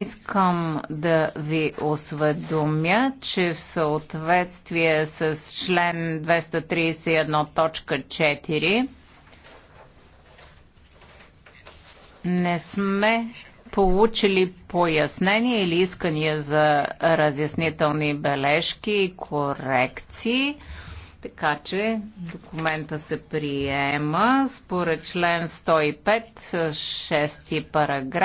Искам да ви осведомя, че в съответствие с член 231.4 не сме получили пояснения или искания за разяснителни бележки и корекции. Така че документа се приема според член 105, 6 параграф.